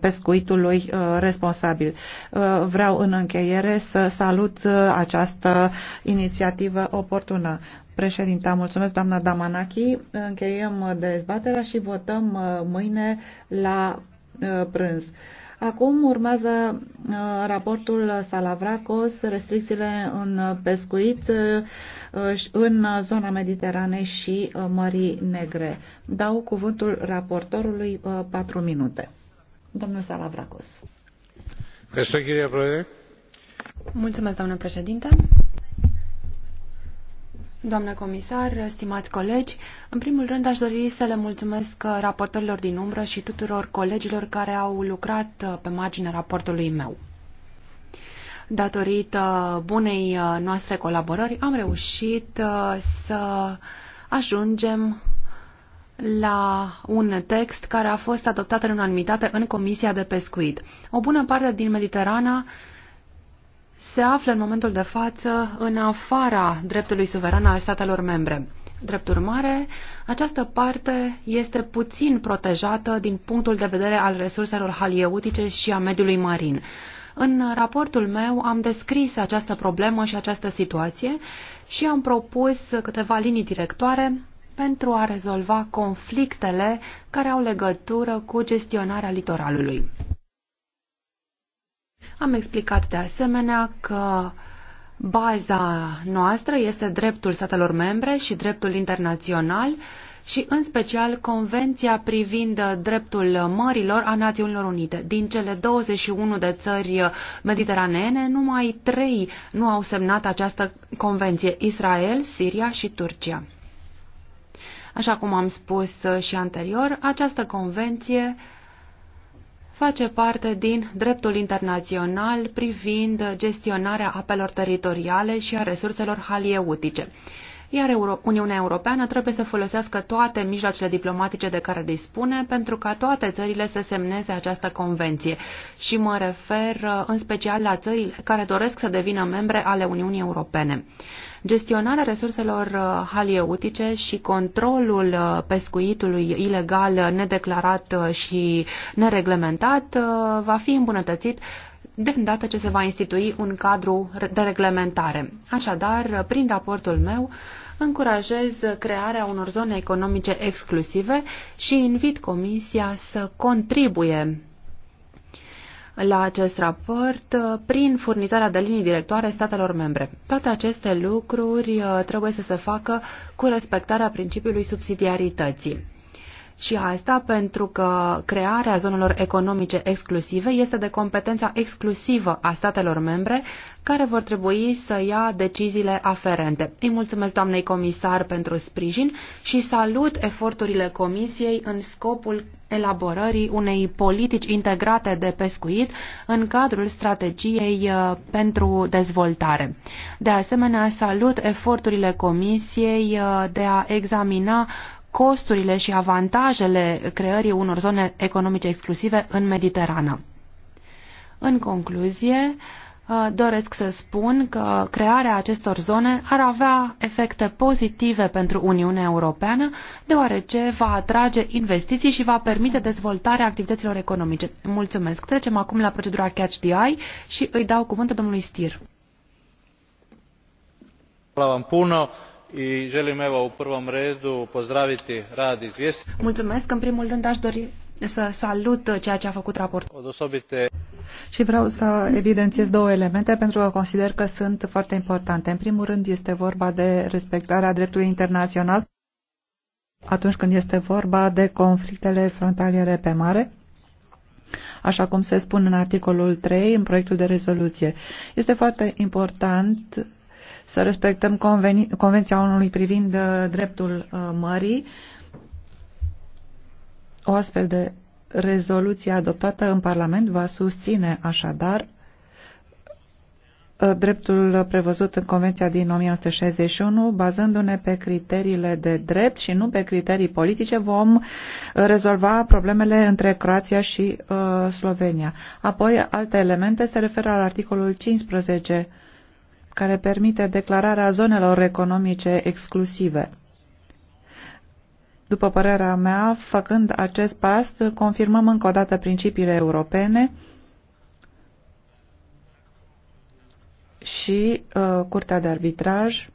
pescuitului uh, responsabil. Uh, vreau în încheiere să salut uh, această inițiativă oportună. Președinta, mulțumesc doamna Damanachi. Încheiem dezbaterea și votăm mâine la prânz. Acum urmează raportul Salavracos, restricțiile în pescuit în zona Mediteranei și Mării Negre. Dau cuvântul raportorului 4 minute. Domnul Salavracos. Mulțumesc, doamnă președinte. Doamnă comisar, stimați colegi, în primul rând aș dori să le mulțumesc raportorilor din umbră și tuturor colegilor care au lucrat pe marginea raportului meu. Datorită bunei noastre colaborări am reușit să ajungem la un text care a fost adoptat în unanimitate în Comisia de Pescuit. O bună parte din Mediterana se află în momentul de față în afara dreptului suveran al statelor membre. Drept urmare, această parte este puțin protejată din punctul de vedere al resurselor halieutice și a mediului marin. În raportul meu am descris această problemă și această situație și am propus câteva linii directoare pentru a rezolva conflictele care au legătură cu gestionarea litoralului. Am explicat de asemenea că baza noastră este dreptul statelor membre și dreptul internațional și în special Convenția privind dreptul mărilor a Națiunilor Unite. Din cele 21 de țări mediteraneene, numai trei nu au semnat această convenție, Israel, Siria și Turcia. Așa cum am spus și anterior, această convenție face parte din dreptul internațional privind gestionarea apelor teritoriale și a resurselor halieutice iar Uniunea Europeană trebuie să folosească toate mijloacele diplomatice de care dispune pentru ca toate țările să semneze această convenție. Și mă refer uh, în special la țările care doresc să devină membre ale Uniunii Europene. Gestionarea resurselor uh, halieutice și controlul uh, pescuitului ilegal, uh, nedeclarat și nereglementat va fi îmbunătățit de îndată ce se va institui un cadru de reglementare. Așadar, prin raportul meu, încurajez crearea unor zone economice exclusive și invit Comisia să contribuie la acest raport uh, prin furnizarea de linii directoare statelor membre. Toate aceste lucruri uh, trebuie să se facă cu respectarea principiului subsidiarității. Și asta pentru că crearea zonelor economice exclusive este de competența exclusivă a statelor membre care vor trebui să ia deciziile aferente. Îi mulțumesc doamnei comisar pentru sprijin și salut eforturile comisiei în scopul elaborării unei politici integrate de pescuit în cadrul strategiei uh, pentru dezvoltare. De asemenea, salut eforturile comisiei uh, de a examina costurile și avantajele creării unor zone economice exclusive în Mediterană. În concluzie, uh, doresc să spun că crearea acestor zone ar avea efecte pozitive pentru Uniunea Europeană, deoarece va atrage investiții și va permite dezvoltarea activităților economice. Mulțumesc. Trecem acum la procedura Catch the Eye și îi dau cuvântul domnului Stir. La i elim u prvom redu pozdraviti rad izvjestitelja. Mulțumesc. În primul rând aș dori să salut ceea ce a făcut raportul. Osobite... Și vreau să evidențiez două elemente pentru că consider că sunt foarte importante. În primul rând este vorba de respectarea dreptului internațional atunci când este vorba de conflictele frontaliere pe mare așa cum se spune în articolul 3 în proiectul de rezoluție. Este foarte important să respectăm conveni, Convenția ONU privind uh, dreptul uh, mării. O astfel de rezoluție adoptată în Parlament va susține așadar uh, dreptul prevăzut în Convenția din 1961, bazându-ne pe criteriile de drept și nu pe criterii politice, vom rezolva problemele între Croația și uh, Slovenia. Apoi, alte elemente se referă la articolul 15 care permite declararea zonelor economice exclusive. După părerea mea, făcând acest pas, confirmăm încă o dată principiile europene și uh, Curtea de Arbitraj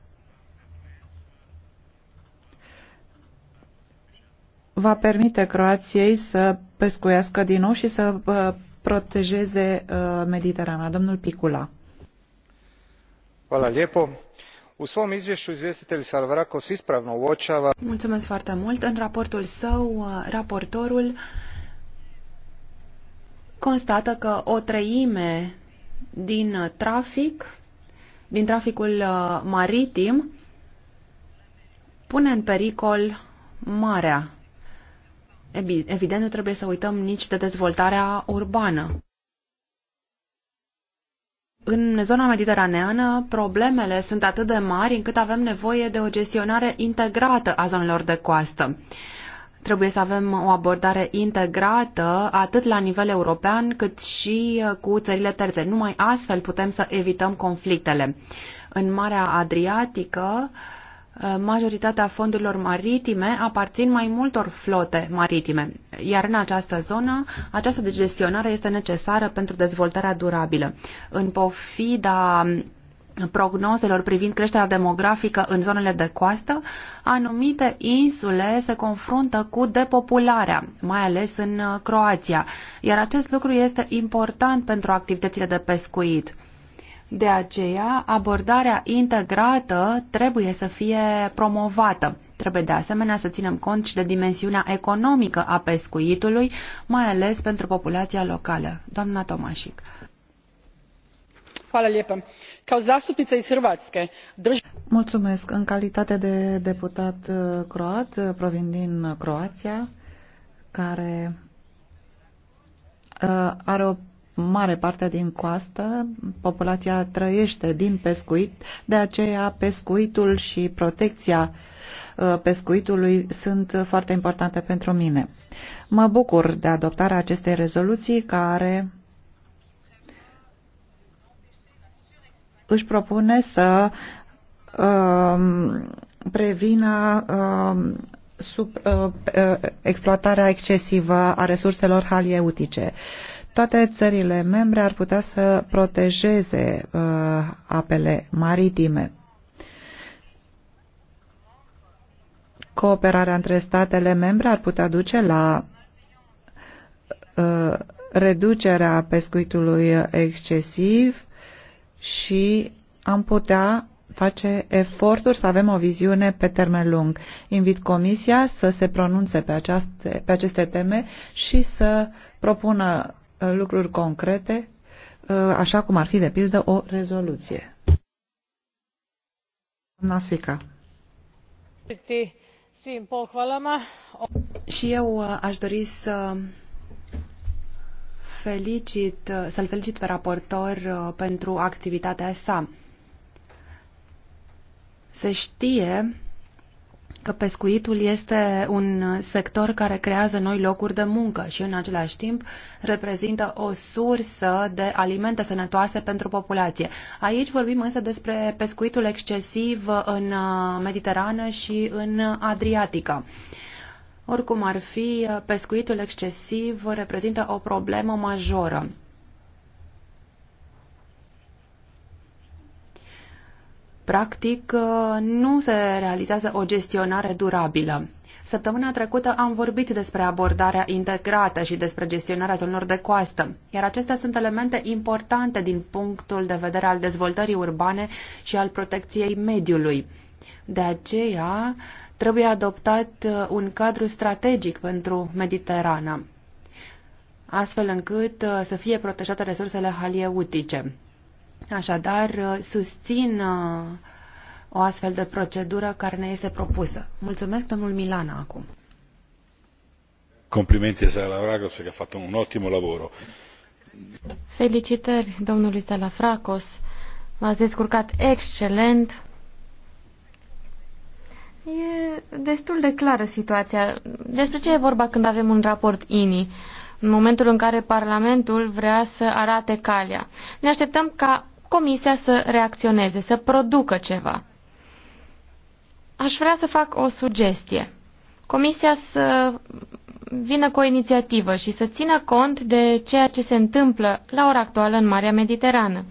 va permite Croației să pescuiască din nou și să uh, protejeze uh, Mediterana. Domnul Picula gospodine predsjednie u svom izvjeu izvjestitelj salavrakos ispravno mult. în raportul său uh, raportorul constată că o treime din trafic din traficul uh, maritim pune în pericol marea. Evident, nu trebuie să uităm nici de dezvoltarea urbană în zona mediteraneană problemele sunt atât de mari încât avem nevoie de o gestionare integrată a zonelor de coastă. Trebuie să avem o abordare integrată atât la nivel european cât și uh, cu țările terțe. Numai astfel putem să evităm conflictele. În Marea Adriatică, uh, Uh, majoritatea fondurilor maritime aparțin mai multor flote maritime, iar în această zonă această gestionare este necesară pentru dezvoltarea durabilă. În pofida prognozelor privind creșterea demografică în zonele de coastă, anumite insule se confruntă cu depopularea, mai ales în uh, Croația, iar acest lucru este important pentru activitățile de pescuit. De aceea, abordarea integrată trebuie să fie promovată. Trebuie de asemenea să ținem cont și de dimensiunea economică a pescuitului, mai ales pentru populația locală. Doamna Tomașic. Mulțumesc. În calitate de deputat uh, croat, uh, provin din Croația, care uh, are o mare parte din coastă, populația trăiește din pescuit, de aceea pescuitul și protecția uh, pescuitului sunt foarte importante pentru mine. Mă bucur de adoptarea acestei rezoluții care își propune să um, um, uh, prevină uh, sub, uh, exploatarea excesivă a resurselor halieutice. Uh, toate țările membre ar putea să protejeze uh, apele maritime. Cooperarea între statele membre ar putea duce la uh, reducerea pescuitului excesiv și am putea face eforturi să avem o viziune pe termen lung. Invit Comisia să se pronunțe pe aceste, pe aceste teme și să propună Uh, lucruri concrete, uh, așa cum ar fi, de pildă, o rezoluție. Doamna Suica. Și eu uh, aș dori să felicit, să-l felicit pe raportor pentru activitatea sa. Se știe că pescuitul este un sector care creează noi locuri de muncă și în același timp reprezintă o sursă de alimente sănătoase pentru populație. Aici vorbim însă despre pescuitul excesiv în Mediterană și în Adriatică. Oricum ar fi, pescuitul excesiv reprezintă o problemă majoră Practic, uh, nu se realizează o gestionare durabilă. Săptămâna trecută am vorbit despre abordarea integrată și despre gestionarea zonelor de coastă, iar acestea sunt elemente importante din punctul de vedere al dezvoltării urbane și al protecției mediului. De aceea, trebuie adoptat uh, un cadru strategic pentru Mediterana, astfel încât uh, să fie protejate resursele halieutice. Așadar, uh, susțin uh, o astfel de procedură care ne este propusă. Mulțumesc, domnul Milana, acum. Complimente Fracos, că a făcut un ottim lavoro. Felicitări domnului Salafracos. V-ați descurcat excelent. E destul de clară situația. Despre ce e vorba când avem un raport INI? în momentul în care Parlamentul vrea să arate calea. Ne așteptăm ca Comisia să reacționeze, să producă ceva. Aș vrea să fac o sugestie. Comisia să vină cu o inițiativă și să țină cont de ceea ce se întâmplă la ora actuală în Marea Mediterană.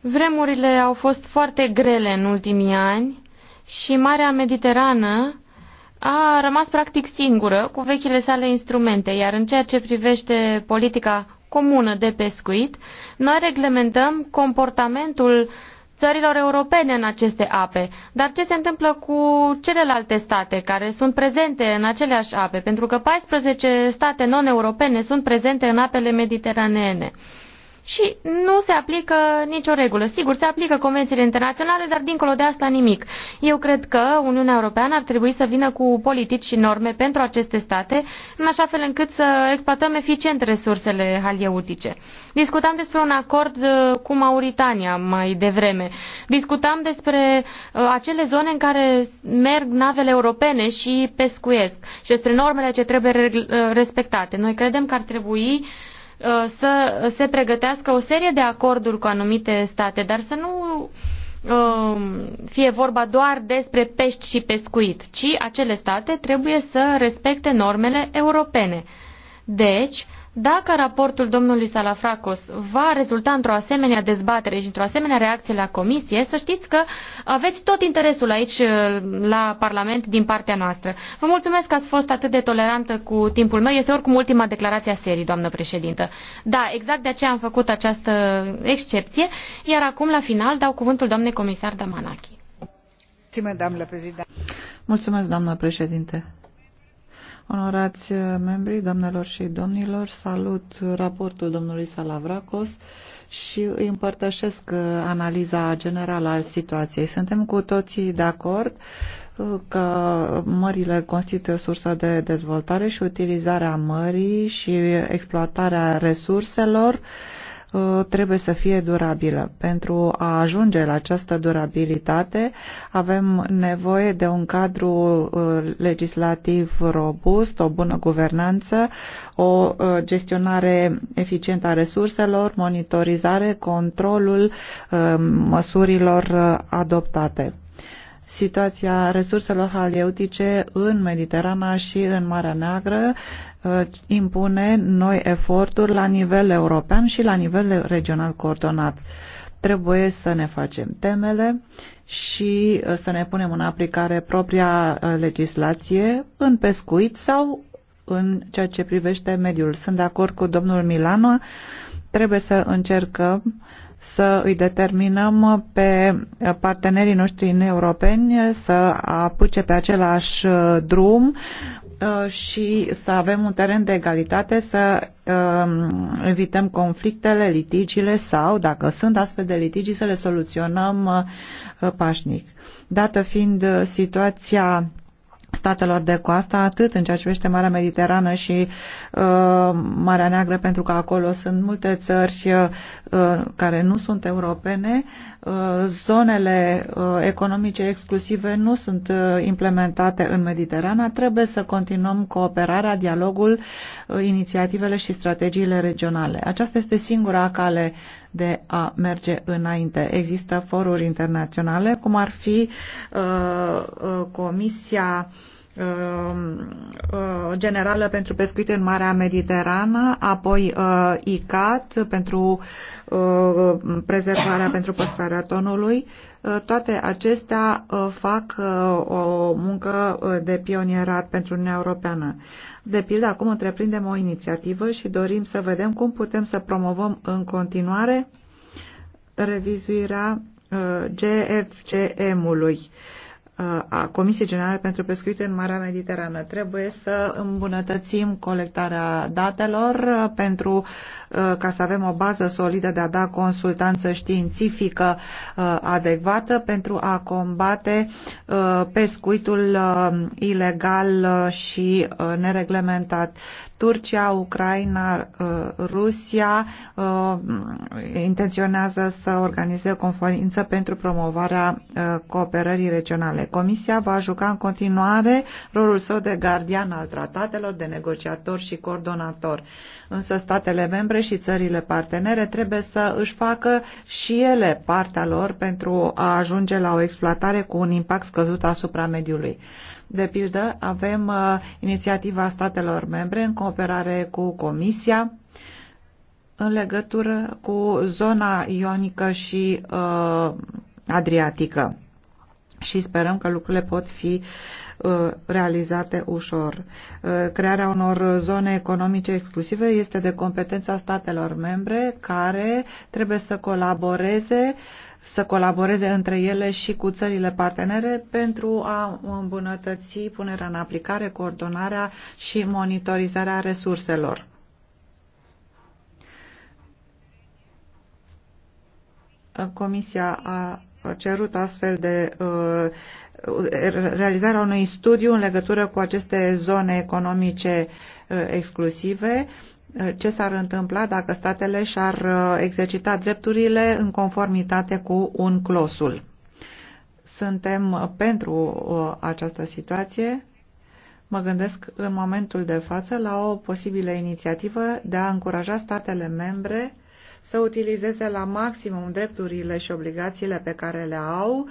Vremurile au fost foarte grele în ultimii ani și Marea Mediterană a rămas practic singură cu vechile sale instrumente, iar în ceea ce privește politica comună de pescuit, noi reglementăm comportamentul țărilor europene în aceste ape. Dar ce se întâmplă cu celelalte state care sunt prezente în aceleași ape? Pentru că 14 state non-europene sunt prezente în apele mediteraneene și nu se aplică nicio regulă. Sigur, se aplică convențiile internaționale, dar dincolo de asta nimic. Eu cred că Uniunea Europeană ar trebui să vină cu politici și norme pentru aceste state, în așa fel încât să exploatăm eficient resursele halieutice. Discutam despre un acord uh, cu Mauritania mai devreme. Discutam despre uh, acele zone în care merg navele europene și pescuiesc și despre normele ce trebuie uh, respectate. Noi credem că ar trebui Uh, să se pregătească o serie de acorduri cu anumite state, dar să nu um, fie vorba doar despre pești și pescuit, ci acele state trebuie să respecte normele europene. Deci, dacă raportul domnului Salafracos va rezulta într-o asemenea dezbatere și într-o asemenea reacție la comisie, să știți că aveți tot interesul aici uh, la Parlament din partea noastră. Vă mulțumesc că ați fost atât de tolerantă cu timpul meu. Este oricum ultima declarație a serii, doamnă președintă. Da, exact de aceea am făcut această excepție, iar acum la final dau cuvântul doamnei comisar Damanachi. Mulțumesc, doamnă președinte. Onorați uh, membrii, doamnelor și domnilor, salut raportul domnului Salavracos și îi împărtășesc uh, analiza generală a situației. Suntem cu toții de acord uh, că mările constituie o sursă de dezvoltare și utilizarea mării și exploatarea resurselor uh, Uh, trebuie să fie durabilă. Pentru a ajunge la această durabilitate avem nevoie de un cadru uh, legislativ robust, o bună guvernanță, o uh, gestionare eficientă a resurselor, monitorizare, controlul măsurilor adoptate situația resurselor halieutice în Mediterana și în Marea Neagră uh, impune noi eforturi la nivel european și la nivel regional coordonat. Trebuie să ne facem temele și uh, să ne punem în aplicare propria uh, legislație în pescuit sau în ceea ce privește mediul. Sunt de acord cu domnul Milano, trebuie să încercăm uh, să îi determinăm pe partenerii noștri europeni să apuce pe același uh, drum uh, și să avem un teren de egalitate, să um, evităm conflictele, litigiile sau, dacă sunt astfel de litigii, să le soluționăm uh, pașnic. Dată fiind situația statelor de coastă, atât în ceea ce privește Marea Mediterană și uh, Marea Neagră, pentru că acolo sunt multe țări uh, care nu sunt europene, Uh, zonele uh, economice exclusive nu sunt uh, implementate în Mediterana, trebuie să continuăm cooperarea, dialogul, inițiativele și strategiile regionale. Aceasta este singura cale de a merge înainte. Există foruri internaționale, cum ar fi uh, uh, Comisia uh, Um, uh, generală pentru pescuit în Marea Mediterană, apoi uh, ICAT pentru uh, prezervarea pentru păstrarea tonului. Toate acestea fac o muncă de pionierat pentru Uniunea Europeană. De pildă, acum întreprindem o inițiativă și dorim să vedem cum putem să promovăm în continuare revizuirea GFCM-ului. Uh, a Comisiei Generale pentru Pescuit în Marea Mediterană. Trebuie să îmbunătățim colectarea datelor pentru uh, ca să avem o bază solidă de a da consultanță științifică uh, adecvată pentru a combate uh, pescuitul ilegal și nereglementat. Turcia, Ucraina, Rusia intenționează să organizeze o conferință pentru promovarea cooperării regionale Comisia va juca în continuare rolul său de gardian al tratatelor, de negociator și coordonator. Însă statele membre și țările partenere trebuie să își facă și ele partea lor pentru a ajunge la o exploatare cu un impact scăzut asupra mediului. De pildă, avem uh, inițiativa statelor membre în cooperare cu Comisia în legătură cu zona ionică și uh, adriatică și sperăm că lucrurile pot fi uh, realizate ușor. Uh, crearea unor zone economice exclusive este de competența statelor membre care trebuie să colaboreze să colaboreze între ele și cu țările partenere pentru a îmbunătăți punerea în aplicare, coordonarea și monitorizarea resurselor. Comisia a cerut astfel de uh, realizarea unui studiu în legătură cu aceste zone economice uh, exclusive, uh, ce s-ar întâmpla dacă statele și-ar exercita drepturile în conformitate cu un closul. Suntem pentru această situație. Mă gândesc în momentul de față la o posibilă inițiativă de a încuraja statele membre să utilizeze la maximum drepturile și obligațiile pe care le au,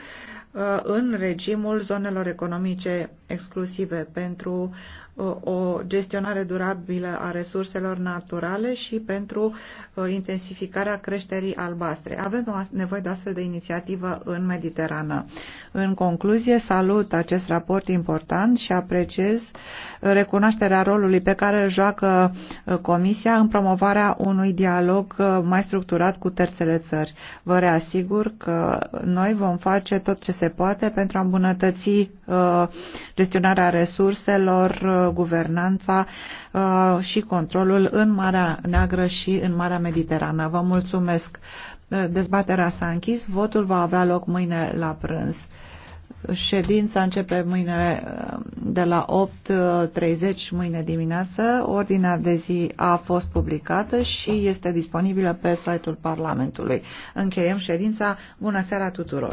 Uh, în regimul zonelor economice exclusive pentru uh, o gestionare durabilă a resurselor naturale și pentru uh, intensificarea creșterii albastre. Avem nevoie de astfel de inițiativă în Mediterană. În concluzie, salut acest raport important și apreciez recunoașterea rolului pe care îl joacă Comisia în promovarea unui dialog mai structurat cu terțele țări. Vă reasigur că noi vom face tot ce se se poate pentru a îmbunătăți uh, gestionarea resurselor, uh, guvernanța uh, și controlul în Marea Neagră și în Marea Mediterană. Vă mulțumesc. Dezbaterea s-a închis. Votul va avea loc mâine la prânz. Ședința începe mâine de la 8.30 mâine dimineață. Ordinea de zi a fost publicată și este disponibilă pe site-ul Parlamentului. Încheiem ședința. Bună seara tuturor!